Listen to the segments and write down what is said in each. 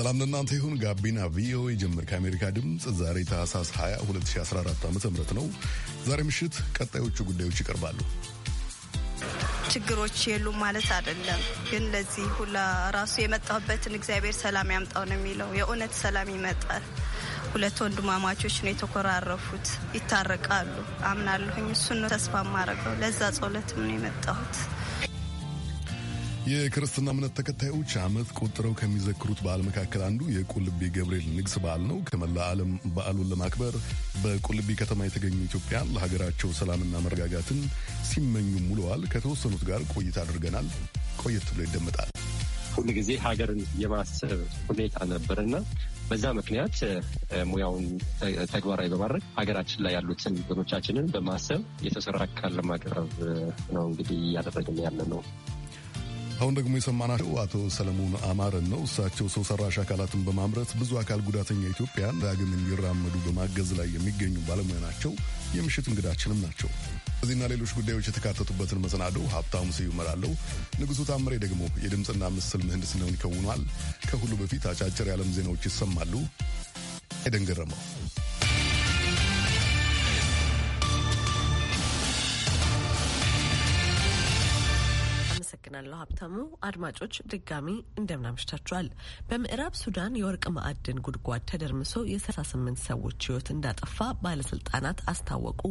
ሰላም ለእናንተ ይሁን። ጋቢና ቪኦኤ ጀምር ከአሜሪካ ድምፅ ዛሬ ታህሳስ 20 2014 ዓ ም ነው። ዛሬ ምሽት ቀጣዮቹ ጉዳዮች ይቀርባሉ። ችግሮች የሉም ማለት አይደለም፣ ግን ለዚህ ሁላ ራሱ የመጣሁበትን እግዚአብሔር ሰላም ያምጣው ነው የሚለው። የእውነት ሰላም ይመጣል። ሁለት ወንድማማቾች ነው የተኮራረፉት፣ ይታረቃሉ። አምናለሁኝ። እሱን ነው ተስፋ ማረገው። ለዛ ጸሎትም ነው የመጣሁት። የክርስትና እምነት ተከታዮች ዓመት ቆጥረው ከሚዘክሩት በዓል መካከል አንዱ የቁልቢ ገብርኤል ንግስ በዓል ነው። ከመላ ዓለም በዓሉን ለማክበር በቁልቢ ከተማ የተገኙ ኢትዮጵያን ለሀገራቸው ሰላምና መረጋጋትን ሲመኙ ውለዋል። ከተወሰኑት ጋር ቆይታ አድርገናል። ቆየት ብሎ ይደመጣል። ሁሉ ጊዜ ሀገርን የማሰብ ሁኔታ ነበርና በዛ ምክንያት ሙያውን ተግባራዊ በማድረግ ሀገራችን ላይ ያሉትን ወገኖቻችንን በማሰብ የተሰራ አካል ለማቅረብ ነው እንግዲህ እያደረግን ያለ ነው። አሁን ደግሞ የሰማናቸው አቶ ሰለሞን አማረን ነው። እሳቸው ሰው ሰራሽ አካላትን በማምረት ብዙ አካል ጉዳተኛ ኢትዮጵያን ዳግም እንዲራመዱ በማገዝ ላይ የሚገኙ ባለሙያ ናቸው። የምሽት እንግዳችንም ናቸው። እዚህና ሌሎች ጉዳዮች የተካተቱበትን መሰናዶ ሀብታሙ ስዩም እመራለሁ። ንጉሡ ታምሬ ደግሞ የድምፅና ምስል ምህንድስናውን ይከውኗል። ከሁሉ በፊት አጫጭር የዓለም ዜናዎች ይሰማሉ። ኤደን ገረመው አመሰግናለሁ ሀብታሙ። አድማጮች ድጋሚ እንደምናምሽታችኋል። በምዕራብ ሱዳን የወርቅ ማዕድን ጉድጓድ ተደርምሶ የ38 ሰዎች ህይወት እንዳጠፋ ባለስልጣናት አስታወቁ።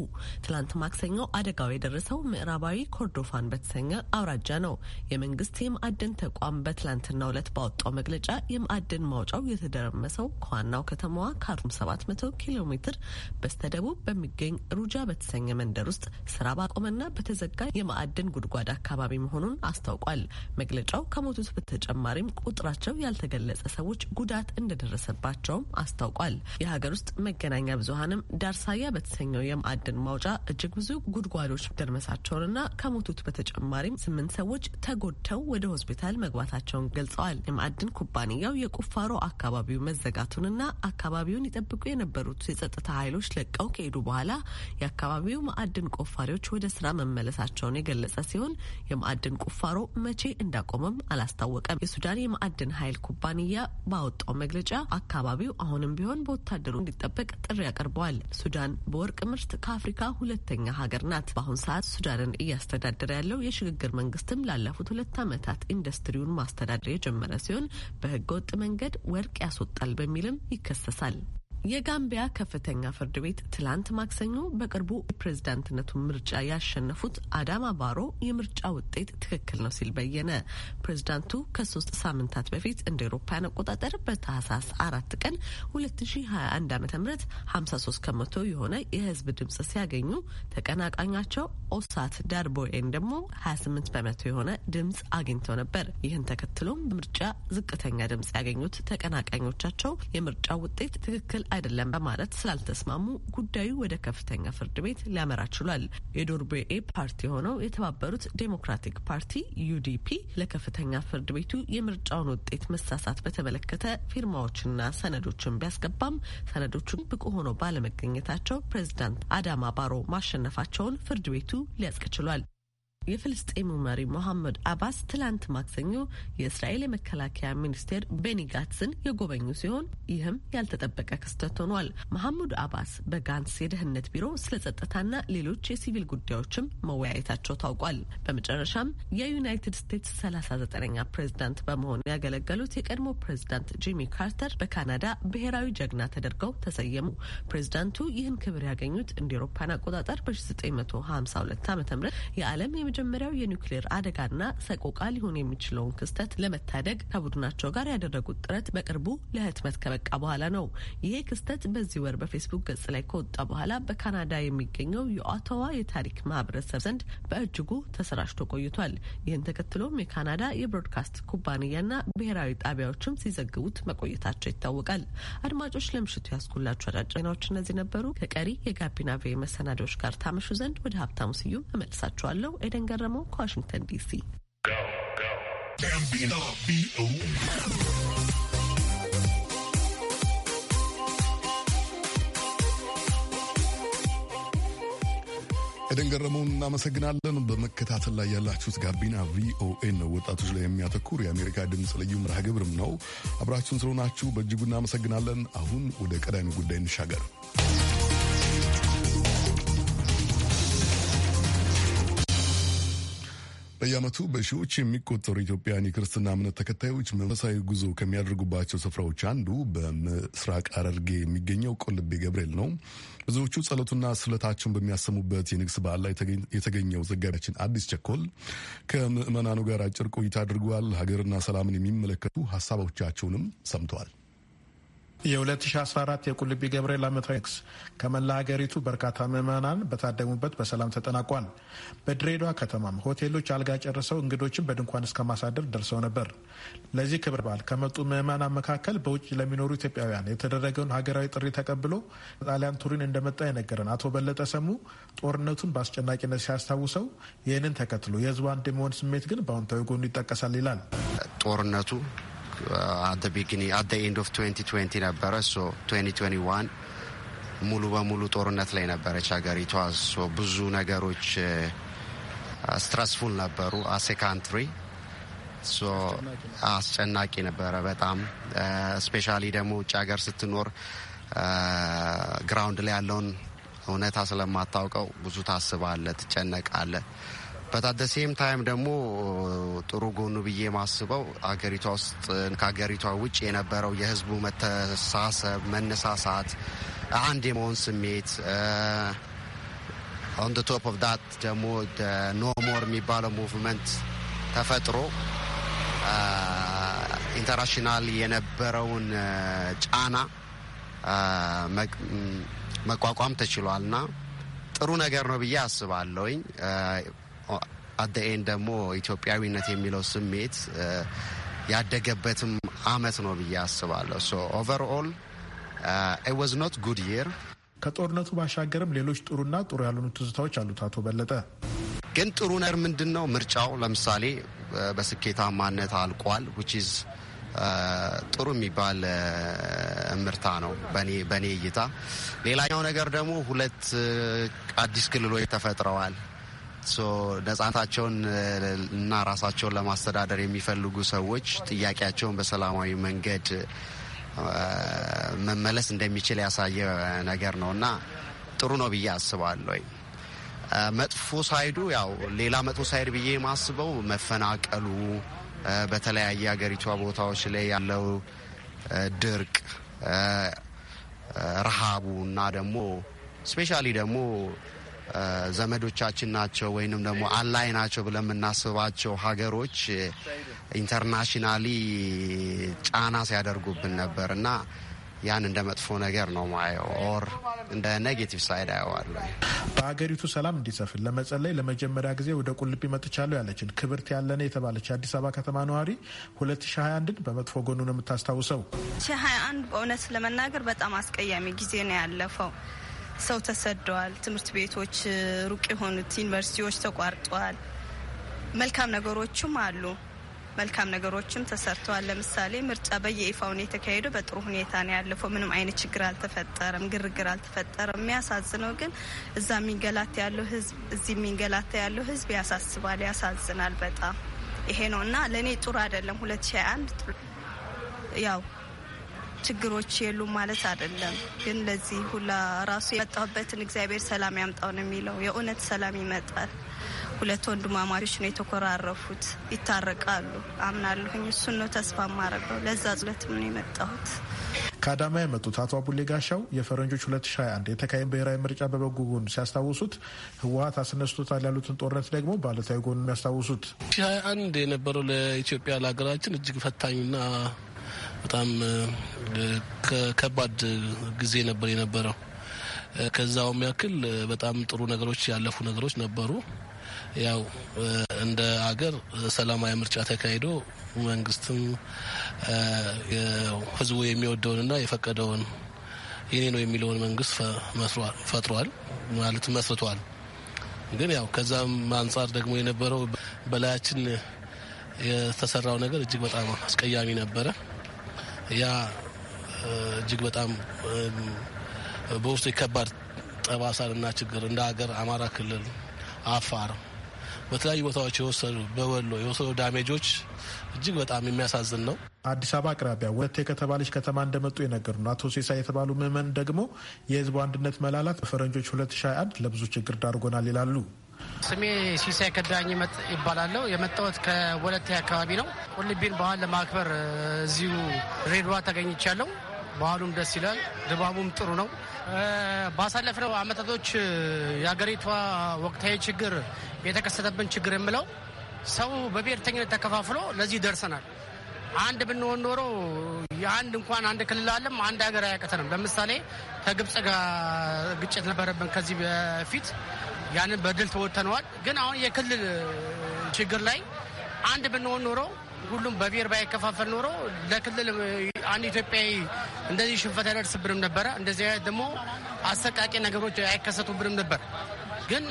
ትላንት ማክሰኞ አደጋው የደረሰው ምዕራባዊ ኮርዶፋን በተሰኘ አውራጃ ነው። የመንግስት የማዕድን ተቋም በትላንትናው ዕለት ባወጣው መግለጫ የማዕድን ማውጫው የተደረመሰው ከዋናው ከተማዋ ካርቱም 700 ኪሎ ሜትር በስተደቡብ በሚገኝ ሩጃ በተሰኘ መንደር ውስጥ ስራ ባቆመና በተዘጋ የማዕድን ጉድጓድ አካባቢ መሆኑን አስታውቋል። አስታውቋል። መግለጫው ከሞቱት በተጨማሪም ቁጥራቸው ያልተገለጸ ሰዎች ጉዳት እንደደረሰባቸውም አስታውቋል። የሀገር ውስጥ መገናኛ ብዙሀንም ዳርሳያ በተሰኘው የማዕድን ማውጫ እጅግ ብዙ ጉድጓዶች መደርመሳቸውንና ከሞቱት በተጨማሪም ስምንት ሰዎች ተጎድተው ወደ ሆስፒታል መግባታቸውን ገልጸዋል። የማዕድን ኩባንያው የቁፋሮ አካባቢው መዘጋቱንና አካባቢውን ይጠብቁ የነበሩት የጸጥታ ኃይሎች ለቀው ከሄዱ በኋላ የአካባቢው ማዕድን ቆፋሪዎች ወደ ስራ መመለሳቸውን የገለጸ ሲሆን የማዕድን ቁፋሮ መቼ እንዳቆመም አላስታወቀም። የሱዳን የማዕድን ኃይል ኩባንያ ባወጣው መግለጫ አካባቢው አሁንም ቢሆን በወታደሩ እንዲጠበቅ ጥሪ አቅርበዋል። ሱዳን በወርቅ ምርት ከአፍሪካ ሁለተኛ ሀገር ናት። በአሁን ሰዓት ሱዳንን እያስተዳደረ ያለው የሽግግር መንግስትም ላለፉት ሁለት ዓመታት ኢንዱስትሪውን ማስተዳደር የጀመረ ሲሆን በህገወጥ መንገድ ወርቅ ያስወጣል በሚልም ይከሰሳል። የጋምቢያ ከፍተኛ ፍርድ ቤት ትላንት ማክሰኞ በቅርቡ የፕሬዝዳንትነቱን ምርጫ ያሸነፉት አዳማ ባሮ የምርጫ ውጤት ትክክል ነው ሲል በየነ። ፕሬዝዳንቱ ከሶስት ሳምንታት በፊት እንደ ኤሮፓያን አቆጣጠር በታህሳስ አራት ቀን 2021 ዓ ም 53 ከመቶ የሆነ የህዝብ ድምጽ ሲያገኙ ተቀናቃኛቸው ኦሳት ዳርቦኤን ደግሞ 28 በመቶ የሆነ ድምጽ አግኝተው ነበር። ይህን ተከትሎም በምርጫ ዝቅተኛ ድምጽ ያገኙት ተቀናቃኞቻቸው የምርጫ ውጤት ትክክል አይደለም በማለት ስላልተስማሙ ጉዳዩ ወደ ከፍተኛ ፍርድ ቤት ሊያመራ ችሏል። የዶርቤኤ ፓርቲ የሆነው የተባበሩት ዴሞክራቲክ ፓርቲ ዩዲፒ ለከፍተኛ ፍርድ ቤቱ የምርጫውን ውጤት መሳሳት በተመለከተ ፊርማዎችና ሰነዶችን ቢያስገባም ሰነዶቹን ብቁ ሆነው ባለመገኘታቸው ፕሬዚዳንት አዳማ ባሮ ማሸነፋቸውን ፍርድ ቤቱ ሊያጽቅ ችሏል። የፍልስጤሙ መሪ ሞሐመድ አባስ ትላንት ማክሰኞ የእስራኤል የመከላከያ ሚኒስቴር ቤኒ ጋትስን የጎበኙ ሲሆን ይህም ያልተጠበቀ ክስተት ሆኗል። መሐሙድ አባስ በጋንስ የደህንነት ቢሮ ስለ ጸጥታና ሌሎች የሲቪል ጉዳዮችም መወያየታቸው ታውቋል። በመጨረሻም የዩናይትድ ስቴትስ ሰላሳ ዘጠነኛ ፕሬዚዳንት በመሆኑ ያገለገሉት የቀድሞ ፕሬዚዳንት ጂሚ ካርተር በካናዳ ብሔራዊ ጀግና ተደርገው ተሰየሙ። ፕሬዚዳንቱ ይህን ክብር ያገኙት እንደ ኤሮፓን አቆጣጠር በ1952 ዓ ም የዓለም የመጀመሪያው የኒውክሌር አደጋና ሰቆቃ ሊሆን የሚችለውን ክስተት ለመታደግ ከቡድናቸው ጋር ያደረጉት ጥረት በቅርቡ ለህትመት ከበቃ በኋላ ነው። ይሄ ክስተት በዚህ ወር በፌስቡክ ገጽ ላይ ከወጣ በኋላ በካናዳ የሚገኘው የኦቶዋ የታሪክ ማህበረሰብ ዘንድ በእጅጉ ተሰራጭቶ ቆይቷል። ይህን ተከትሎም የካናዳ የብሮድካስት ኩባንያና ብሔራዊ ጣቢያዎችም ሲዘግቡት መቆየታቸው ይታወቃል። አድማጮች ለምሽቱ ያስኩላችሁ አጫጭር ዜናዎች እነዚህ ነበሩ። ከቀሪ የጋቢና ቬ መሰናዶዎች ጋር ታመሹ ዘንድ ወደ ሀብታሙ ስዩም እመልሳችኋለሁ። ኤደን ገረመው ከዋሽንግተን ዲሲ ኤደን ገረመውን እናመሰግናለን። በመከታተል ላይ ያላችሁት ጋቢና ቪኦኤ ነው፣ ወጣቶች ላይ የሚያተኩር የአሜሪካ ድምፅ ልዩ መርሃ ግብርም ነው። አብራችሁን ስለሆናችሁ በእጅጉ እናመሰግናለን። አሁን ወደ ቀዳሚ ጉዳይ እንሻገር። በየዓመቱ በሺዎች የሚቆጠሩ ኢትዮጵያን የክርስትና እምነት ተከታዮች መንፈሳዊ ጉዞ ከሚያደርጉባቸው ስፍራዎች አንዱ በምስራቅ ሐረርጌ የሚገኘው ቆልቤ ገብርኤል ነው። ብዙዎቹ ጸሎቱና ስለታቸውን በሚያሰሙበት የንግስ በዓል ላይ የተገኘው ዘጋቢያችን አዲስ ቸኮል ከምዕመናኑ ጋር አጭር ቆይታ አድርጓል። ሀገርና ሰላምን የሚመለከቱ ሀሳቦቻቸውንም ሰምተዋል። የ2014 የቁልቢ ገብርኤል ዓመታዊ ክስ ከመላ ሀገሪቱ በርካታ ምዕመናን በታደሙበት በሰላም ተጠናቋል። በድሬዳዋ ከተማም ሆቴሎች አልጋ ጨርሰው እንግዶችን በድንኳን እስከ ማሳደር ደርሰው ነበር። ለዚህ ክብረ በዓል ከመጡ ምዕመናን መካከል በውጭ ለሚኖሩ ኢትዮጵያውያን የተደረገውን ሀገራዊ ጥሪ ተቀብሎ ጣሊያን ቱሪን እንደመጣ የነገረን አቶ በለጠ ሰሙ ጦርነቱን በአስጨናቂነት ሲያስታውሰው ይህንን ተከትሎ የህዝቡ አንድ የመሆን ስሜት ግን በአዎንታዊ ጎኑ ይጠቀሳል ይላል። ጦርነቱ ኤንድ ኦፍ 2020 ነበረ። ሶ 2021 ሙሉ በሙሉ ጦርነት ላይ ነበረች ሀገሪቷ። ሶ ብዙ ነገሮች ስትረስፉል uh, ነበሩ። አሴ ካንትሪ ሶ አስጨናቂ ነበረ በጣም ስፔሻሊ uh, ደግሞ ውጭ ሀገር ስትኖር ግራውንድ uh, ላይ ያለውን እውነታ ስለማታውቀው ብዙ ታስባለ፣ ትጨነቃለ። በታደሴም ታይም ደግሞ uh, ጥሩ ጎኑ ብዬ ማስበው አገሪቷ ውስጥ ከአገሪቷ ውጭ የነበረው የህዝቡ መተሳሰብ፣ መነሳሳት፣ አንድ የመሆን ስሜት ኦን ቶ ቶፕ ኦፍ ዳት ደግሞ ኖሞር የሚባለው ሙቭመንት ተፈጥሮ ኢንተርናሽናል uh, የነበረውን uh, ጫና መቋቋም ተችሏልና ጥሩ ነገር ነው ብዬ አስባለሁኝ። አደኤን ደግሞ ኢትዮጵያዊነት የሚለው ስሜት ያደገበትም አመት ነው ብዬ አስባለሁ። ሶ ኦቨርኦል ዋዝ ኖት ጉድ ይር። ከጦርነቱ ባሻገርም ሌሎች ጥሩና ጥሩ ያልሆኑ ትዝታዎች አሉት አቶ በለጠ። ግን ጥሩ ነር ምንድን ነው? ምርጫው ለምሳሌ በስኬታማነት አልቋል። ዊችዝ ጥሩ የሚባል እምርታ ነው በእኔ እይታ። ሌላኛው ነገር ደግሞ ሁለት አዲስ ክልሎች ተፈጥረዋል። ነጻነታቸውን እና ራሳቸውን ለማስተዳደር የሚፈልጉ ሰዎች ጥያቄያቸውን በሰላማዊ መንገድ መመለስ እንደሚችል ያሳየ ነገር ነው እና ጥሩ ነው ብዬ አስባለሁ። መጥፎ ሳይዱ ያው ሌላ መጥፎ ሳይድ ብዬ የማስበው መፈናቀሉ፣ በተለያየ ሀገሪቷ ቦታዎች ላይ ያለው ድርቅ፣ ረሃቡ እና ደግሞ ስፔሻሊ ደግሞ ዘመዶቻችን ናቸው ወይንም ደግሞ አላይ ናቸው ብለን የምናስባቸው ሀገሮች ኢንተርናሽናሊ ጫና ሲያደርጉብን ነበር እና ያን እንደ መጥፎ ነገር ነው ማየው ኦር እንደ ኔጌቲቭ ሳይድ አየዋለሁ። በሀገሪቱ ሰላም እንዲሰፍን ለመጸለይ ለመጀመሪያ ጊዜ ወደ ቁልቢ መጥቻለሁ ያለችን ክብርት ያለነ የተባለች የአዲስ አበባ ከተማ ነዋሪ 2021ን በመጥፎ ጎኑ ነው የምታስታውሰው። 2021 በእውነት ለመናገር በጣም አስቀያሚ ጊዜ ነው ያለፈው። ሰው ተሰደዋል። ትምህርት ቤቶች ሩቅ የሆኑት ዩኒቨርሲቲዎች ተቋርጠዋል። መልካም ነገሮችም አሉ። መልካም ነገሮችም ተሰርተዋል። ለምሳሌ ምርጫ በየይፋውን የተካሄደው በጥሩ ሁኔታ ነው ያለፈው። ምንም አይነት ችግር አልተፈጠረም፣ ግርግር አልተፈጠረም። የሚያሳዝነው ግን እዛ የሚንገላታ ያለው ህዝብ፣ እዚህ የሚንገላት ያለው ህዝብ ያሳስባል፣ ያሳዝናል በጣም ይሄ ነው እና ለእኔ ጥሩ አይደለም ሁለት ሺ አንድ ያው ችግሮች የሉም ማለት አይደለም። ግን ለዚህ ሁላ ራሱ የመጣሁበትን እግዚአብሔር ሰላም ያምጣው ነው የሚለው። የእውነት ሰላም ይመጣል። ሁለት ወንድማማቾች ነው የተኮራረፉት፣ ይታረቃሉ። አምናለሁኝ። እሱን ነው ተስፋ ማረገው። ለዛ ጽለትም ነው የመጣሁት። ከአዳማ የመጡት አቶ አቡሌ ጋሻው የፈረንጆች 2021 የተካሄደውን ብሔራዊ ምርጫ በበጎ ጎን ሲያስታውሱት ህወሀት አስነስቶታል ያሉትን ጦርነት ደግሞ ባለታዊ ጎን የሚያስታውሱት 2021 የነበረው ለኢትዮጵያ ለሀገራችን እጅግ ፈታኝና በጣም ከባድ ጊዜ ነበር የነበረው። ከዛውም ያክል በጣም ጥሩ ነገሮች ያለፉ ነገሮች ነበሩ። ያው እንደ አገር ሰላማዊ ምርጫ ተካሂዶ መንግስትም ህዝቡ የሚወደውንና የፈቀደውን የኔ ነው የሚለውን መንግስት ፈጥሯል ማለት መስርቷል። ግን ያው ከዛም አንጻር ደግሞ የነበረው በላያችን የተሰራው ነገር እጅግ በጣም አስቀያሚ ነበረ። ያ እጅግ በጣም በውስጡ የከባድ ጠባሳንና ችግር እንደ ሀገር አማራ ክልል፣ አፋር በተለያዩ ቦታዎች የወሰዱ በወሎ የወሰዱ ዳሜጆች እጅግ በጣም የሚያሳዝን ነው። አዲስ አበባ አቅራቢያ ወለቴ ከተባለች ከተማ እንደመጡ የነገሩን አቶ ሴሳ የተባሉ ምዕመን ደግሞ የህዝቡ አንድነት መላላት በፈረንጆች 2021 ለብዙ ችግር ዳርጎናል ይላሉ። ስሜ ሲሳይ ከዳኝ ይባላለሁ። የመጣሁት ከወለቴ አካባቢ ነው። ቁልቢን በዓል ለማክበር እዚሁ ሬድዋ ተገኝቻለሁ። በዓሉም ደስ ይላል፣ ድባቡም ጥሩ ነው። ባሳለፍነው አመታቶች የሀገሪቷ ወቅታዊ ችግር የተከሰተብን ችግር የምለው ሰው በብሔርተኝነት ተከፋፍሎ ለዚህ ደርሰናል። አንድ ብንሆን ኖሮ የአንድ እንኳን አንድ ክልል አለም አንድ ሀገር አያቀተንም። ለምሳሌ ከግብፅ ጋር ግጭት ነበረብን ከዚህ በፊት ያንን በድል ተወጥተነዋል። ግን አሁን የክልል ችግር ላይ አንድ ብንሆን ኖሮ ሁሉም በብሔር ባይከፋፈል ኖሮ ለክልል አንድ ኢትዮጵያዊ እንደዚህ ሽንፈት አይደርስብንም ነበረ። እንደዚህ አይነት ደግሞ አሰቃቂ ነገሮች አይከሰቱብንም ነበር። ግን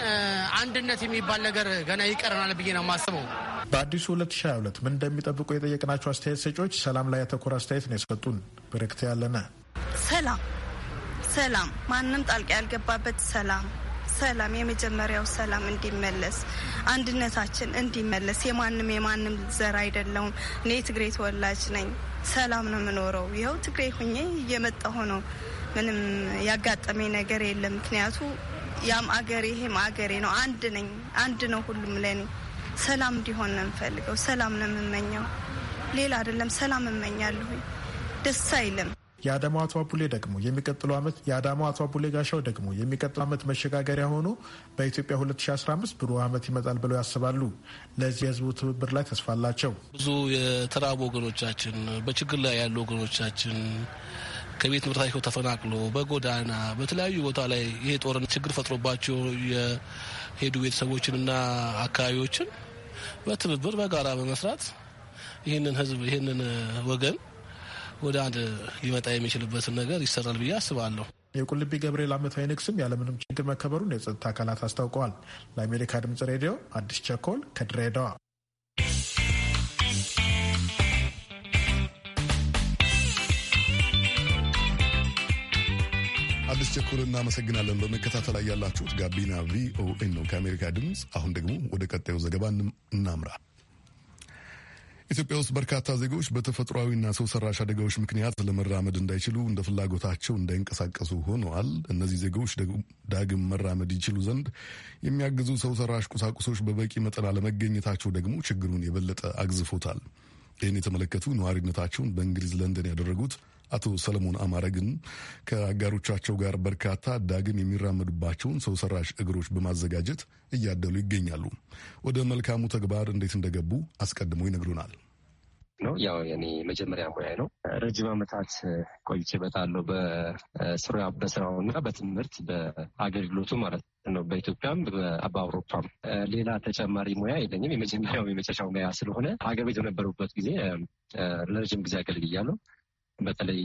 አንድነት የሚባል ነገር ገና ይቀረናል ብዬ ነው የማስበው። በአዲሱ 2022 ምን እንደሚጠብቁ የጠየቅናቸው አስተያየት ሰጪዎች ሰላም ላይ ያተኮረ አስተያየት ነው የሰጡን። ብርክት ያለነ ሰላም ሰላም፣ ማንም ጣልቃ ያልገባበት ሰላም ሰላም የመጀመሪያው ሰላም እንዲመለስ፣ አንድነታችን እንዲመለስ የማንም የማንም ዘር አይደለውም። እኔ ትግሬ ተወላጅ ነኝ። ሰላም ነው የምኖረው። ይኸው ትግሬ ሁኜ እየመጣሁ ነው። ምንም ያጋጠመኝ ነገር የለም። ምክንያቱ ያም አገሬ ይሄም አገሬ ነው። አንድ ነኝ። አንድ ነው ሁሉም ለኔ። ሰላም እንዲሆን ነው የምፈልገው። ሰላም ነው የምመኘው። ሌላ አይደለም። ሰላም እመኛለሁ። ደስ አይልም። የአዳማው አቶ አቡሌ ደግሞ የሚቀጥለው ዓመት የአዳማው አቶ አቡሌ ጋሻው ደግሞ የሚቀጥለው ዓመት መሸጋገሪያ ሆኖ በኢትዮጵያ 2015 ብሩህ ዓመት ይመጣል ብለው ያስባሉ። ለዚህ የህዝቡ ትብብር ላይ ተስፋ አላቸው። ብዙ የተራቡ ወገኖቻችን፣ በችግር ላይ ያሉ ወገኖቻችን ከቤት ንብረታቸው ተፈናቅሎ በጎዳና በተለያዩ ቦታ ላይ ይሄ ጦርነት ችግር ፈጥሮባቸው የሄዱ ቤተሰቦችንና አካባቢዎችን በትብብር በጋራ በመስራት ይህንን ህዝብ ይህንን ወገን ወደ አንድ ሊመጣ የሚችልበትን ነገር ይሰራል ብዬ አስባለሁ። የቁልቢ ገብርኤል ዓመታዊ ንግስም ያለምንም ችግር መከበሩን የጸጥታ አካላት አስታውቀዋል። ለአሜሪካ ድምጽ ሬዲዮ አዲስ ቸኮል ከድሬዳዋ። አዲስ ቸኮል እናመሰግናለን። በመከታተል ላይ ያላችሁት ጋቢና ቪኦኤ ነው ከአሜሪካ ድምፅ። አሁን ደግሞ ወደ ቀጣዩ ዘገባ እናምራ። ኢትዮጵያ ውስጥ በርካታ ዜጎች በተፈጥሯዊና ሰው ሰራሽ አደጋዎች ምክንያት ለመራመድ እንዳይችሉ እንደ ፍላጎታቸው እንዳይንቀሳቀሱ ሆነዋል። እነዚህ ዜጎች ዳግም መራመድ ይችሉ ዘንድ የሚያግዙ ሰው ሰራሽ ቁሳቁሶች በበቂ መጠን አለመገኘታቸው ደግሞ ችግሩን የበለጠ አግዝፎታል። ይህን የተመለከቱ ነዋሪነታቸውን በእንግሊዝ ለንደን ያደረጉት አቶ ሰለሞን አማረ ግን ከአጋሮቻቸው ጋር በርካታ ዳግም የሚራመዱባቸውን ሰው ሰራሽ እግሮች በማዘጋጀት እያደሉ ይገኛሉ። ወደ መልካሙ ተግባር እንዴት እንደገቡ አስቀድሞ ይነግሩናል። ነው ያው የኔ መጀመሪያ ሙያ ነው። ረጅም ዓመታት ቆይቼበታለሁ በስራ በስራው በትምህርት በአገልግሎቱ ማለት ነው። በኢትዮጵያም በአውሮፓም ሌላ ተጨማሪ ሙያ የለኝም። የመጀመሪያው የመጨረሻው ሙያ ስለሆነ ሀገር ቤት በነበሩበት ጊዜ ለረጅም ጊዜ አገልግያለሁ። በተለይ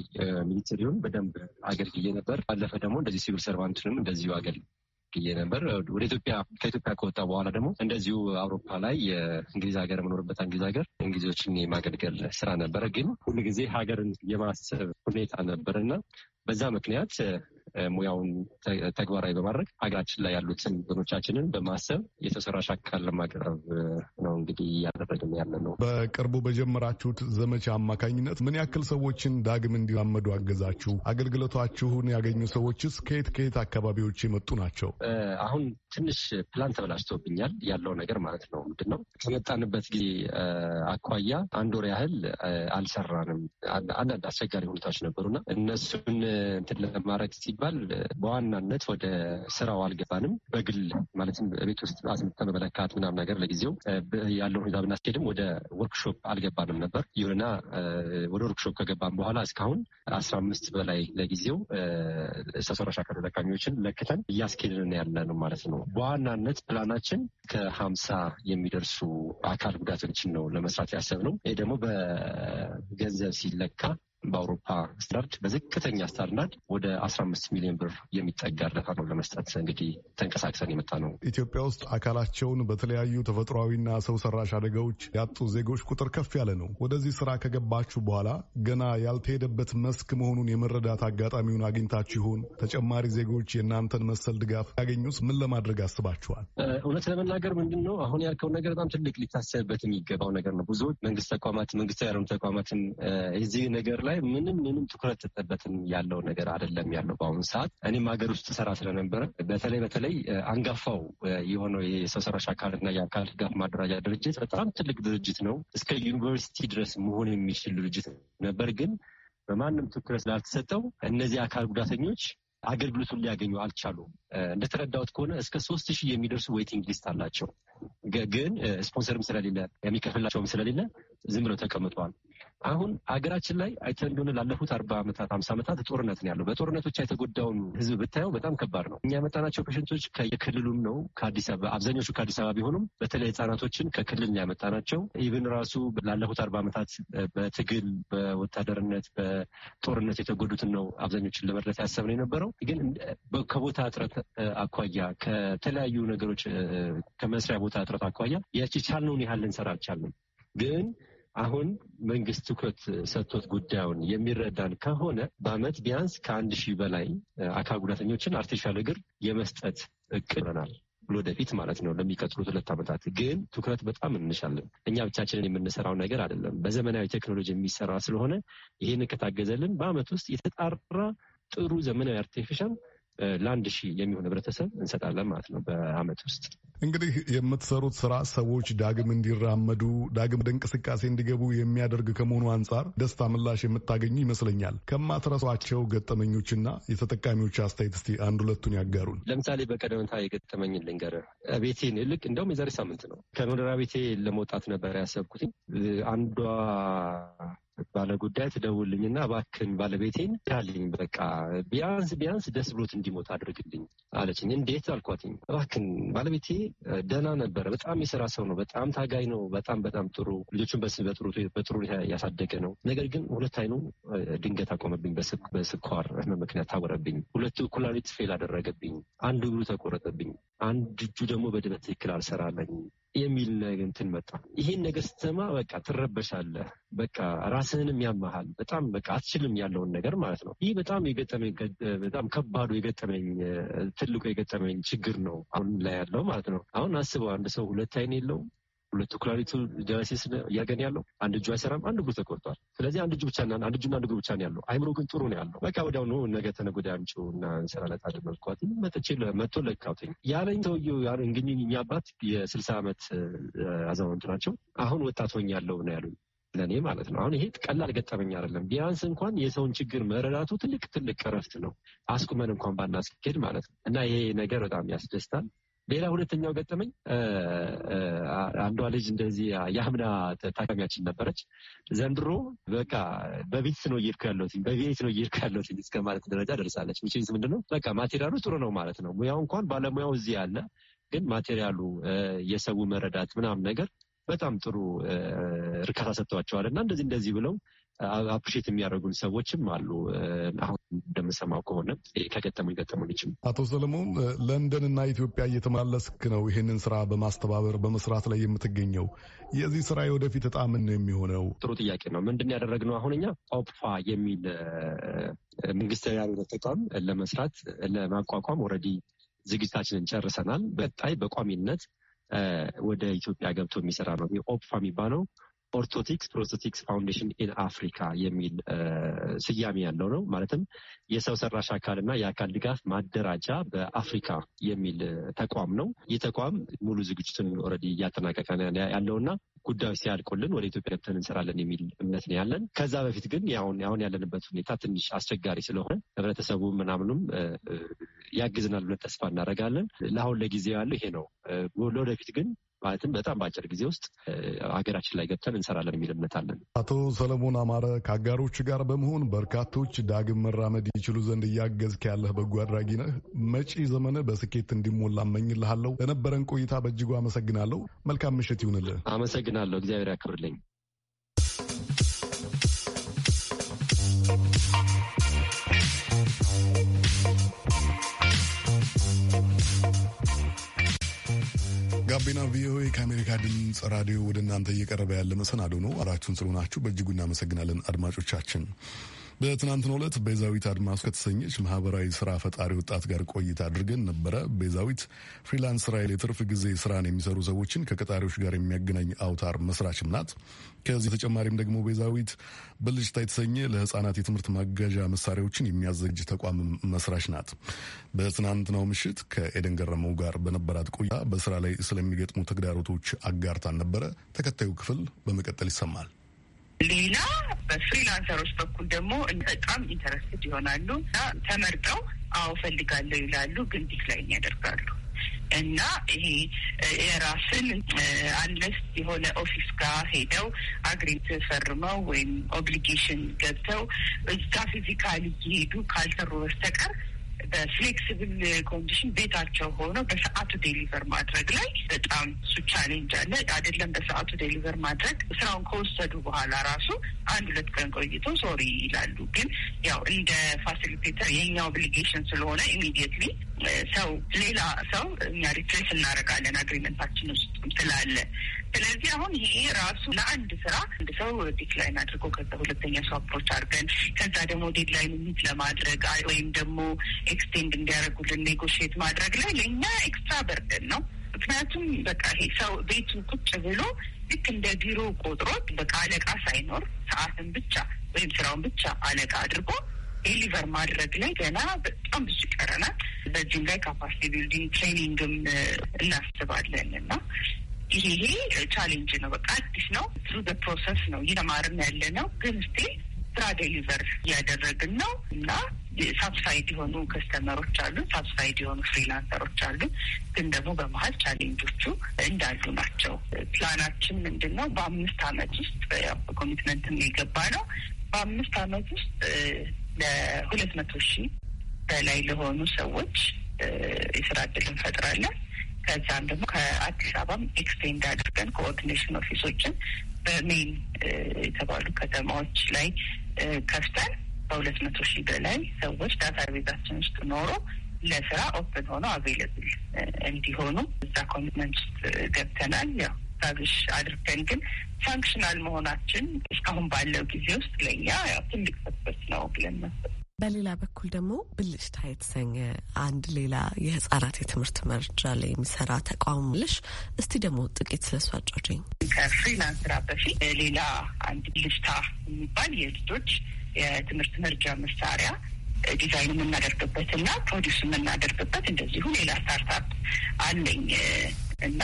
ሚሊተሪውን በደንብ አገልግዬ ነበር። ባለፈ ደግሞ እንደዚህ ሲቪል ሰርቫንቱንም እንደዚሁ አገልግዬ ነበር። ወደ ኢትዮጵያ ከኢትዮጵያ ከወጣ በኋላ ደግሞ እንደዚሁ አውሮፓ ላይ የእንግሊዝ ሀገር የምኖርበት እንግሊዝ ሀገር እንግሊዞችን የማገልገል ስራ ነበረ። ግን ጊዜ ሀገርን የማሰብ ሁኔታ ነበር እና በዛ ምክንያት ሙያውን ተግባራዊ በማድረግ ሀገራችን ላይ ያሉትን ወገኖቻችንን በማሰብ የተሰራሽ አካል ለማቅረብ ነው እንግዲህ እያደረግን ያለ ነው። በቅርቡ በጀመራችሁት ዘመቻ አማካኝነት ምን ያክል ሰዎችን ዳግም እንዲላመዱ አገዛችሁ? አገልግሎታችሁን ያገኙ ሰዎችስ ከየት ከየት አካባቢዎች የመጡ ናቸው? አሁን ትንሽ ፕላን ተበላሽቶብኛል ያለው ነገር ማለት ነው። ምንድን ነው ከመጣንበት ጊዜ አኳያ አንድ ወር ያህል አልሰራንም። አንዳንድ አስቸጋሪ ሁኔታዎች ነበሩና እነሱን እንትን ለማድረግ ሲባል ሲባል በዋናነት ወደ ስራው አልገባንም። በግል ማለትም ቤት ውስጥ አስምተ መመለካት ምናምን ነገር ለጊዜው ያለውን ሁኔታ ብናስኬድም ወደ ወርክሾፕ አልገባንም ነበር። ይሁንና ወደ ወርክሾፕ ከገባን በኋላ እስካሁን አስራ አምስት በላይ ለጊዜው ሰው ሰራሽ አካል ተጠቃሚዎችን ለክተን እያስኬድን ያለ ነው ማለት ነው። በዋናነት ፕላናችን ከሀምሳ የሚደርሱ አካል ጉዳቶችን ነው ለመስራት ያሰብነው። ይህ ደግሞ በገንዘብ ሲለካ በአውሮፓ ስታንዳርድ በዝቅተኛ ስታንዳርድ ወደ አስራ አምስት ሚሊዮን ብር የሚጠጋ እርዳታ ነው ለመስጠት እንግዲህ ተንቀሳቅሰን የመጣ ነው። ኢትዮጵያ ውስጥ አካላቸውን በተለያዩ ተፈጥሯዊና ሰው ሰራሽ አደጋዎች ያጡ ዜጎች ቁጥር ከፍ ያለ ነው። ወደዚህ ስራ ከገባችሁ በኋላ ገና ያልተሄደበት መስክ መሆኑን የመረዳት አጋጣሚውን አግኝታችሁ ይሆን? ተጨማሪ ዜጎች የእናንተን መሰል ድጋፍ ያገኙስ ምን ለማድረግ አስባችኋል? እውነት ለመናገር ምንድን ነው አሁን ያልከውን ነገር በጣም ትልቅ ሊታሰብበት የሚገባው ነገር ነው። ብዙዎች መንግስት ተቋማት፣ መንግስታዊ ያልሆኑ ተቋማትን እዚህ ነገር ላይ ላይ ምንም ምንም ትኩረት ተሰጠበትም ያለው ነገር አይደለም ያለው በአሁኑ ሰዓት። እኔም ሀገር ውስጥ ሰራ ስለነበረ በተለይ በተለይ አንጋፋው የሆነው የሰው ሰራሽ አካልና የአካል ድጋፍ ማደራጃ ድርጅት በጣም ትልቅ ድርጅት ነው። እስከ ዩኒቨርሲቲ ድረስ መሆን የሚችል ድርጅት ነበር። ግን በማንም ትኩረት ስላልተሰጠው እነዚህ አካል ጉዳተኞች አገልግሎቱን ሊያገኙ አልቻሉም። እንደተረዳሁት ከሆነ እስከ ሶስት ሺህ የሚደርሱ ዌይቲንግ ሊስት አላቸው። ግን ስፖንሰርም ስለሌለ የሚከፍላቸውም ስለሌለ ዝም ብለው ተቀምጠዋል። አሁን አገራችን ላይ አይተህ እንደሆነ ላለፉት አርባ ዓመታት አምሳ ዓመታት ጦርነት ነው ያለው። በጦርነቶች የተጎዳውን ህዝብ ብታየው በጣም ከባድ ነው። እኛ ያመጣናቸው ፔሽንቶች ከየክልሉም ነው ከአዲስ አበባ አብዛኞቹ ከአዲስ አበባ ቢሆኑም በተለይ ህጻናቶችን ከክልል ነው ያመጣናቸው። ኢቭን ራሱ ላለፉት አርባ ዓመታት በትግል በወታደርነት በጦርነት የተጎዱትን ነው አብዛኞችን ለመድረስ ያሰብነው የነበረው። ግን ከቦታ እጥረት አኳያ ከተለያዩ ነገሮች ከመስሪያ ቦታ እጥረት አኳያ የቻልነውን ያህል ልንሰራ አልቻልንም ግን አሁን መንግስት ትኩረት ሰጥቶት ጉዳዩን የሚረዳን ከሆነ በአመት ቢያንስ ከአንድ ሺህ በላይ አካል ጉዳተኞችን አርቲፊሻል እግር የመስጠት እቅድ ይሆናል ወደፊት ማለት ነው። ለሚቀጥሉት ሁለት ዓመታት ግን ትኩረት በጣም እንሻለን። እኛ ብቻችንን የምንሰራው ነገር አይደለም። በዘመናዊ ቴክኖሎጂ የሚሰራ ስለሆነ ይህን ከታገዘልን በአመት ውስጥ የተጣራ ጥሩ ዘመናዊ አርቲፊሻል ለአንድ ሺህ የሚሆን ህብረተሰብ እንሰጣለን ማለት ነው በአመት ውስጥ። እንግዲህ የምትሰሩት ስራ ሰዎች ዳግም እንዲራመዱ ዳግም ወደ እንቅስቃሴ እንዲገቡ የሚያደርግ ከመሆኑ አንጻር ደስታ ምላሽ የምታገኙ ይመስለኛል። ከማትረሷቸው ገጠመኞችና የተጠቃሚዎች አስተያየት እስቲ አንድ ሁለቱን ያጋሩን። ለምሳሌ በቀደምታ የገጠመኝ ልንገር። ቤቴን ልክ እንደውም የዛሬ ሳምንት ነው ከመኖሪያ ቤቴ ለመውጣት ነበር ያሰብኩት። አንዷ ባለጉዳይ ትደውልኝና ባክን ባለቤቴን ያልኝ በቃ ቢያንስ ቢያንስ ደስ ብሎት እንዲሞት አድርግልኝ አለች እንዴት አልኳትኝ። እባክህን ባለቤቴ ደህና ነበረ። በጣም የስራ ሰው ነው። በጣም ታጋይ ነው። በጣም በጣም ጥሩ ልጆቹን በጥሩ ሁኔታ ያሳደገ ነው። ነገር ግን ሁለት አይኑ ድንገት አቆመብኝ። በስኳር ህመም ምክንያት ታወረብኝ። ሁለቱ ኩላሊት ፌል አደረገብኝ። አንዱ እግሩ ተቆረጠብኝ። አንድ እጁ ደግሞ ትክክል አልሰራለኝ የሚል እንትን መጣ። ይህን ነገር ስትሰማ በቃ ትረበሻለህ። በቃ ራስህንም ያመሃል። በጣም በቃ አትችልም ያለውን ነገር ማለት ነው። ይህ በጣም የገጠመኝ በጣም ከባዱ የገጠመኝ ትልቁ የገጠመኝ ችግር ነው አሁን ላይ ያለው ማለት ነው። አሁን አስበው አንድ ሰው ሁለት አይን የለውም ሁለቱ ኩላሊቱ ዳያሊሲስ እያገን ያለው አንድ እጁ አይሰራም፣ አንድ እግሩ ተቆርጧል። ስለዚህ አንድ እጁ ብቻ አንድ እጁና አንድ እግሩ ብቻ ነው ያለው። አይምሮ ግን ጥሩ ነው ያለው። በቃ ወዲያውኑ ነገ ተነጎዳ ያምጭ እና እንሰራለት አለ መልኳት መጥቼ መጥቶ ለካውተኝ ያለኝ ሰውዬው እንግኝ እኛ አባት የስልሳ ዓመት አዛውንቱ ናቸው። አሁን ወጣት ሆኝ ያለው ነው ያሉኝ ለእኔ ማለት ነው። አሁን ይሄ ቀላል ገጠመኝ አይደለም። ቢያንስ እንኳን የሰውን ችግር መረዳቱ ትልቅ ትልቅ እረፍት ነው። አስቁመን እንኳን ባናስኬድ ማለት ነው እና ይሄ ነገር በጣም ያስደስታል። ሌላ ሁለተኛው ገጠመኝ አንዷ ልጅ እንደዚህ የአምና ታካሚያችን ነበረች። ዘንድሮ በቃ በቤት ነው እየሄድኩ ያለሁት በቤት ነው እየሄድኩ ያለሁት እስከ ማለት ደረጃ ደርሳለች። ሚችስ ምንድነው በቃ ማቴሪያሉ ጥሩ ነው ማለት ነው። ሙያው እንኳን ባለሙያው እዚህ ያለ ግን ማቴሪያሉ፣ የሰው መረዳት ምናምን ነገር በጣም ጥሩ እርካታ ሰጥተዋቸዋል እና እንደዚህ እንደዚህ ብለው አፕሪት የሚያደርጉን ሰዎችም አሉ። አሁን እንደምሰማው ከሆነ ከገጠሙኝ ገጠሙኝችም። አቶ ሰለሞን ለንደን እና ኢትዮጵያ እየተመላለስክ ነው ይህንን ስራ በማስተባበር በመስራት ላይ የምትገኘው። የዚህ ስራ የወደፊት እጣ ምን ነው የሚሆነው? ጥሩ ጥያቄ ነው። ምንድን ያደረግነው አሁን እኛ ኦፕፋ የሚል መንግስታዊ ያልሆነ ተቋም ለመስራት ለማቋቋም ኦልሬዲ ዝግጅታችንን ጨርሰናል። በቀጣይ በቋሚነት ወደ ኢትዮጵያ ገብቶ የሚሰራ ነው ኦፕፋ የሚባለው ኦርቶቲክስ ፕሮቶቲክስ ፋውንዴሽን ኢን አፍሪካ የሚል ስያሜ ያለው ነው። ማለትም የሰው ሰራሽ አካልና የአካል ድጋፍ ማደራጃ በአፍሪካ የሚል ተቋም ነው። ይህ ተቋም ሙሉ ዝግጅቱን ኦልሬዲ እያጠናቀቀ ያለውና ጉዳዮች ሲያልቁልን ወደ ኢትዮጵያ ገብተን እንሰራለን የሚል እምነት ነው ያለን። ከዛ በፊት ግን አሁን ያለንበት ሁኔታ ትንሽ አስቸጋሪ ስለሆነ ህብረተሰቡ ምናምኑም ያግዝናል ብለን ተስፋ እናደርጋለን። ለአሁን ለጊዜው ያለው ይሄ ነው። ለወደፊት ግን ማለትም በጣም በአጭር ጊዜ ውስጥ ሀገራችን ላይ ገብተን እንሰራለን የሚል እምነት አለን። አቶ ሰለሞን አማረ ከአጋሮች ጋር በመሆን በርካቶች ዳግም መራመድ ይችሉ ዘንድ እያገዝክ ያለህ በጎ አድራጊ ነህ። መጪ ዘመን በስኬት እንዲሞላ እመኝልሃለሁ። ለነበረን ቆይታ በእጅጉ አመሰግናለሁ። መልካም ምሽት ይሁንልህ። አመሰግናለሁ። እግዚአብሔር ያክብርልኝ። ጋቢና ቪኦኤ ከአሜሪካ ድምፅ ራዲዮ ወደ እናንተ እየቀረበ ያለ መሰናዶ ነው። አራችሁን ስለሆናችሁ በእጅጉ እናመሰግናለን አድማጮቻችን። በትናንትናው ዕለት ቤዛዊት አድማስ ከተሰኘች ማህበራዊ ስራ ፈጣሪ ወጣት ጋር ቆይታ አድርገን ነበረ። ቤዛዊት ፍሪላንስ ስራ የትርፍ ጊዜ ስራን የሚሰሩ ሰዎችን ከቀጣሪዎች ጋር የሚያገናኝ አውታር መስራችም ናት። ከዚህ በተጨማሪም ደግሞ ቤዛዊት ብልጭታ የተሰኘ ለህጻናት የትምህርት ማጋዣ መሳሪያዎችን የሚያዘጋጅ ተቋም መስራች ናት። በትናንትናው ምሽት ከኤደን ገረመው ጋር በነበራት ቆይታ በስራ ላይ ስለሚገጥሙ ተግዳሮቶች አጋርታን ነበረ። ተከታዩ ክፍል በመቀጠል ይሰማል። ሌላ በፍሪላንሰሮች በኩል ደግሞ በጣም ኢንተረስትድ ይሆናሉ እና ተመርጠው አዎ ፈልጋለሁ ይላሉ፣ ግን ዲክላይን ያደርጋሉ እና ይሄ የራስን አንለስ የሆነ ኦፊስ ጋር ሄደው አግሪት ፈርመው ወይም ኦብሊጌሽን ገብተው እዛ ፊዚካል እየሄዱ ካልሰሩ በስተቀር በፍሌክስብል ኮንዲሽን ቤታቸው ሆኖ በሰዓቱ ዴሊቨር ማድረግ ላይ በጣም እሱ ቻሌንጅ አለ። አይደለም በሰዓቱ ዴሊቨር ማድረግ ስራውን ከወሰዱ በኋላ ራሱ አንድ ሁለት ቀን ቆይቶ ሶሪ ይላሉ። ግን ያው እንደ ፋሲሊቴተር የኛ ኦብሊጌሽን ስለሆነ ኢሚዲየትሊ ሰው ሌላ ሰው እኛ ሪፕሌስ እናደርጋለን አግሪመንታችን ውስጥ ስላለ። ስለዚህ አሁን ይሄ ራሱ ለአንድ ስራ አንድ ሰው ዲክላይን አድርጎ ከዛ ሁለተኛ ሰው አፕሮች አድርገን ከዛ ደግሞ ዴድላይን ሚት ለማድረግ ወይም ደግሞ ኤክስቴንድ እንዲያደርጉልን ኔጎሽት ማድረግ ላይ ለእኛ ኤክስትራ በርደን ነው። ምክንያቱም በቃ ይሄ ሰው ቤቱ ቁጭ ብሎ ልክ እንደ ቢሮ ቆጥሮት በቃ አለቃ ሳይኖር ሰዓትን ብቻ ወይም ስራውን ብቻ አለቃ አድርጎ ዲሊቨር ማድረግ ላይ ገና በጣም ብዙ ይቀረናል። በዚህም ላይ ካፓሲቲ ቢልዲንግ ትሬኒንግም እናስባለን እና ይሄ ቻሌንጅ ነው። በቃ አዲስ ነው። ትሩ ፕሮሰስ ነው እየተማርም ያለ ነው። ግን ስቲል ስራ ዴሊቨር እያደረግን ነው እና ሳብሳይድ የሆኑ ከስተመሮች አሉ፣ ሳብሳይድ የሆኑ ፍሪላንሰሮች አሉ። ግን ደግሞ በመሀል ቻሌንጆቹ እንዳሉ ናቸው። ፕላናችን ምንድን ነው? በአምስት አመት ውስጥ ኮሚትመንት የገባ ነው በአምስት አመት ውስጥ ለሁለት መቶ ሺህ በላይ ለሆኑ ሰዎች የስራ እድል እንፈጥራለን። ከዛም ደግሞ ከአዲስ አበባም ኤክስቴንድ አድርገን ኮኦርዲኔሽን ኦፊሶችን በሜን የተባሉ ከተማዎች ላይ ከፍተን በሁለት መቶ ሺህ በላይ ሰዎች ዳታ ቤዛችን ውስጥ ኖሮ ለስራ ኦፕን ሆነው አቬይለብል እንዲሆኑ እዛ ኮሚትመንት ውስጥ ገብተናል። ያው ስታብሊሽ አድርገን ግን ፋንክሽናል መሆናችን እስካሁን ባለው ጊዜ ውስጥ ለኛ ያው ትልቅ ሰበት ነው ብለን መስበት በሌላ በኩል ደግሞ ብልጭታ የተሰኘ አንድ ሌላ የህጻናት የትምህርት መርጃ ላይ የሚሰራ ተቋም ልሽ እስቲ ደግሞ ጥቂት ስለሱ አጫውችኝ። ከፍሪላንስ ስራ በፊት ሌላ አንድ ብልጭታ የሚባል የልጆች የትምህርት መርጃ መሳሪያ ዲዛይን የምናደርግበት እና ፕሮዲስ የምናደርግበት እንደዚሁ ሌላ ስታርታፕ አለኝ እና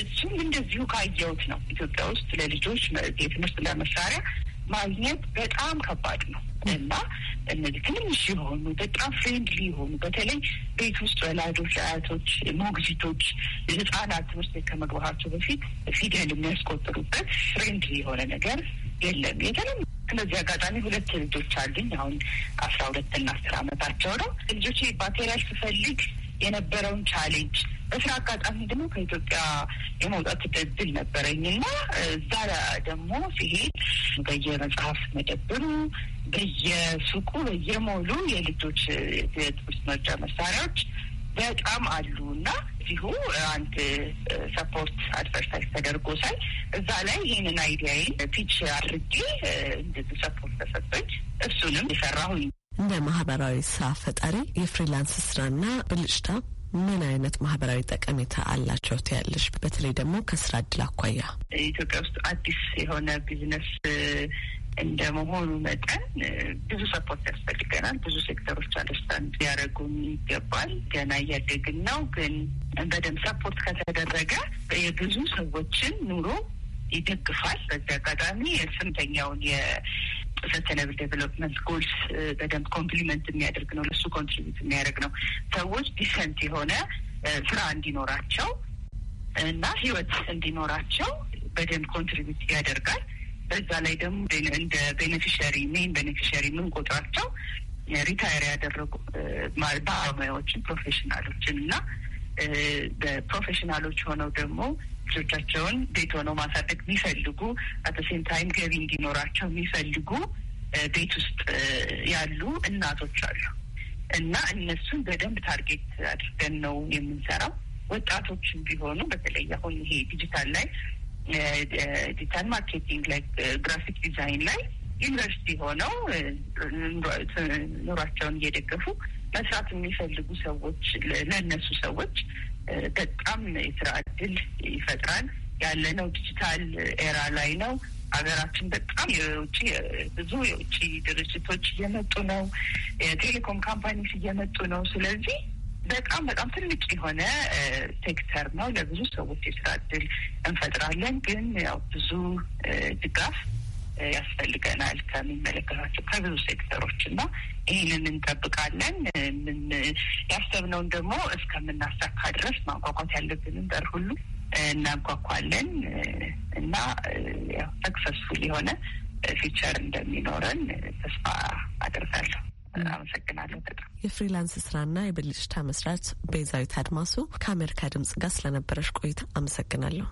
እሱም እንደዚሁ ካየሁት ነው። ኢትዮጵያ ውስጥ ለልጆች የትምህርት ለመሳሪያ ማግኘት በጣም ከባድ ነው እና እነዚህ ትንንሽ የሆኑ በጣም ፍሬንድሊ የሆኑ በተለይ ቤት ውስጥ ወላጆች፣ አያቶች፣ ሞግዚቶች የህፃናት ትምህርት ቤት ከመግባታቸው በፊት ፊደል የሚያስቆጥሩበት ፍሬንድሊ የሆነ ነገር የለም። የተለም እነዚህ አጋጣሚ ሁለት ልጆች አሉኝ። አሁን አስራ ሁለት እና አስር አመታቸው ነው። ልጆች ባቴሪያል ስፈልግ የነበረውን ቻሌንጅ በስራ አጋጣሚ ደግሞ ከኢትዮጵያ የመውጣት እድል ነበረኝና እዛ ደግሞ ሲሄድ በየመጽሐፍ መደብሩ፣ በየሱቁ፣ በየሞሉ የልጆች የትምህርት መርጃ መሳሪያዎች በጣም አሉ እና እዚሁ አንድ ሰፖርት አድቨርታይዝ ተደርጎ ሳይ እዛ ላይ ይህንን አይዲያዬን ፒች አድርጌ እንደዚህ ሰፖርት ተሰጠኝ። እሱንም የሰራሁኝ እንደ ማህበራዊ ስራ ፈጣሪ የፍሪላንስ ስራና ብልጭታ ምን አይነት ማህበራዊ ጠቀሜታ አላቸው ትያለሽ? በተለይ ደግሞ ከስራ እድል አኳያ ኢትዮጵያ ውስጥ አዲስ የሆነ ቢዝነስ እንደ መሆኑ መጠን ብዙ ሰፖርት ያስፈልገናል። ብዙ ሴክተሮች አንደርስታንድ ሊያደርጉን ይገባል። ገና እያደግን ነው፣ ግን በደንብ ሰፖርት ከተደረገ የብዙ ሰዎችን ኑሮ ይደግፋል። በዚህ አጋጣሚ የስምንተኛውን የሰስተነብል ዴቨሎፕመንት ጎልስ በደንብ ኮምፕሊመንት የሚያደርግ ነው። ለሱ ኮንትሪቢዩት የሚያደርግ ነው። ሰዎች ዲሰንት የሆነ ስራ እንዲኖራቸው እና ህይወት እንዲኖራቸው በደንብ ኮንትሪቢዩት ያደርጋል። በዛ ላይ ደግሞ እንደ ቤኔፊሸሪ ሜይን ቤኔፊሸሪ የምንቆጥራቸው ሪታየር ያደረጉ ባለሙያዎችን፣ ፕሮፌሽናሎችን እና በፕሮፌሽናሎች ሆነው ደግሞ ልጆቻቸውን ቤት ሆነው ማሳደግ የሚፈልጉ አተሴም ታይም ገቢ እንዲኖራቸው የሚፈልጉ ቤት ውስጥ ያሉ እናቶች አሉ እና እነሱን በደንብ ታርጌት አድርገን ነው የምንሰራው። ወጣቶችን ቢሆኑ በተለይ አሁን ይሄ ዲጂታል ላይ ዲጂታል ማርኬቲንግ ላይ ግራፊክ ዲዛይን ላይ ዩኒቨርሲቲ ሆነው ኑሯቸውን እየደገፉ መስራት የሚፈልጉ ሰዎች ለእነሱ ሰዎች በጣም የስራ እድል ይፈጥራል። ያለነው ዲጂታል ኤራ ላይ ነው። ሀገራችን በጣም የውጭ ብዙ የውጭ ድርጅቶች እየመጡ ነው። የቴሌኮም ካምፓኒስ እየመጡ ነው። ስለዚህ በጣም በጣም ትልቅ የሆነ ሴክተር ነው። ለብዙ ሰዎች የስራ እድል እንፈጥራለን። ግን ያው ብዙ ድጋፍ ያስፈልገናል ከሚመለከታቸው ከብዙ ሴክተሮች እና ይህንን እንጠብቃለን። ያሰብነውን ደግሞ እስከምናሳካ ድረስ ማጓጓት ያለብንን በር ሁሉ እናጓኳለን እና ሰክሰስፉል የሆነ ፊቸር እንደሚኖረን ተስፋ አደርጋለሁ። አመሰግናለሁ። የፍሪላንስ ስራና የብልጭታ መስራት ቤዛዊት አድማሱ ከአሜሪካ ድምጽ ጋር ስለነበረች ቆይታ አመሰግናለሁ።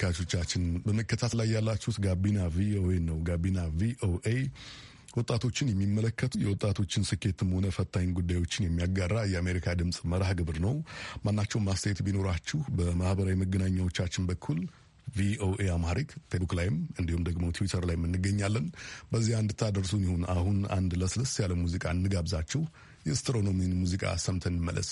ተመልካቾቻችን በመከታተል ላይ ያላችሁት ጋቢና ቪኦኤ ነው። ጋቢና ቪኦኤ ወጣቶችን የሚመለከቱ የወጣቶችን ስኬትም ሆነ ፈታኝ ጉዳዮችን የሚያጋራ የአሜሪካ ድምፅ መርሃ ግብር ነው። ማናቸውም ማስተያየት ቢኖራችሁ በማህበራዊ መገናኛዎቻችን በኩል ቪኦኤ አማሪክ ፌስቡክ ላይም እንዲሁም ደግሞ ትዊተር ላይም እንገኛለን። በዚያ እንድታደርሱን ይሁን። አሁን አንድ ለስለስ ያለ ሙዚቃ እንጋብዛችሁ። የስትሮኖሚን ሙዚቃ ሰምተን እንመለስ።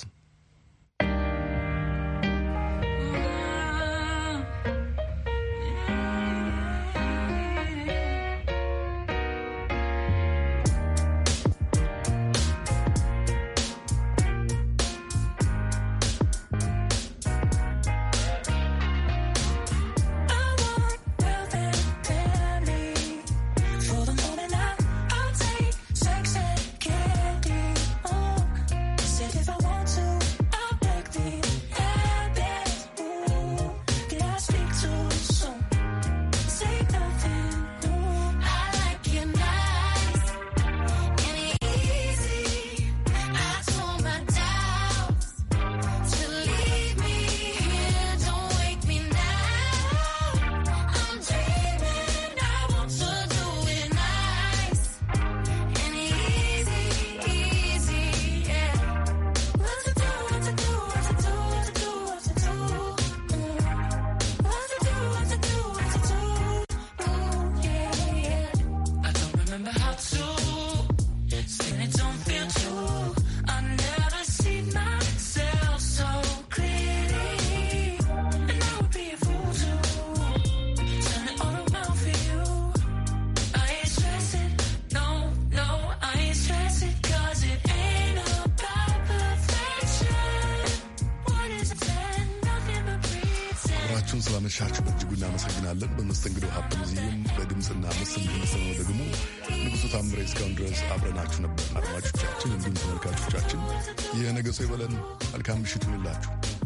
አብራችሁን ስላመሻችሁ በእጅጉ እናመሰግናለን። በመስተንግዶ ሀብት ዝዩም፣ በድምፅና ምስል የሚሰማው ደግሞ ንጉሱ ታምሬ። እስካሁን ድረስ አብረናችሁ ነበር። አድማጮቻችን፣ እንዲሁም ተመልካቾቻችን የነገ ሰው ይበለን። መልካም ምሽት ይሁንላችሁ።